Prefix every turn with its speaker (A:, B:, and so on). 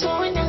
A: so in